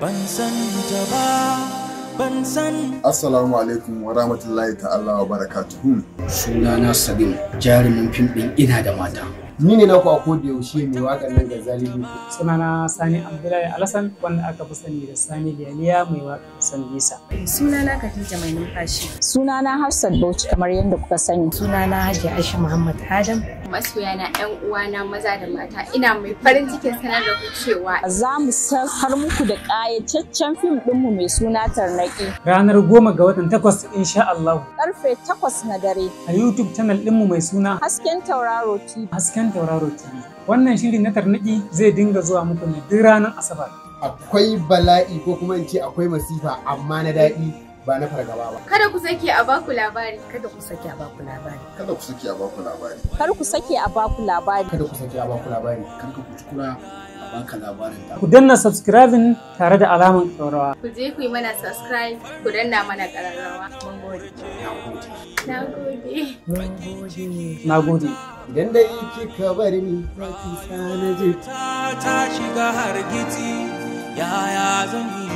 ban santa ba ban san assalamu alaikum wa rahmatullahi ta'ala wa barakatuhu sunana sabin jarumin fim ɗin ina da mata ni ne na kuwa a da yaushe mai waƙar nan ga zalibi sunana sani abdullahi alasan wanda aka fi sani da sani galiya mai waƙa Hassan Bisa. Sunana Khadija Mai Numfashi. Sunana Hafsat Bauchi kamar yadda kuka sani. Sunana Hajiya Aisha Muhammad Adam. Masoyana ƴan uwana maza da mata ina mai farin cikin sanar da ku za mu har muku da ƙayataccen fim ɗinmu mai suna Tarnaƙi. Ranar goma ga watan takwas insha Allah. Karfe takwas na dare. A YouTube channel ɗinmu mai suna Hasken Tauraro TV. Hasken Tauraro TV. Wannan shiri na Tarnaki zai dinga zuwa muku ne duk ranar Asabar. akwai bala'i ko kuma in ce akwai masifa amma na daɗi ba na fargaba ba. Kada ku sake a baku labari. Kada ku sake a baku labari. Kada ku sake a baku labari. Kada ku sake a baku labari. Kada ku sake a baku labari. Kada ku kuskura a baka labarin ta. Ku danna subscribing tare da alamar ƙararrawa. Ku je ku yi mana subscribe ku danna mana ƙararrawa. Mun gode. Na gode. Na gode. Na gode. Idan kika bari ni, za Kisa na je. Ta shiga hargitsi. my eyes on you.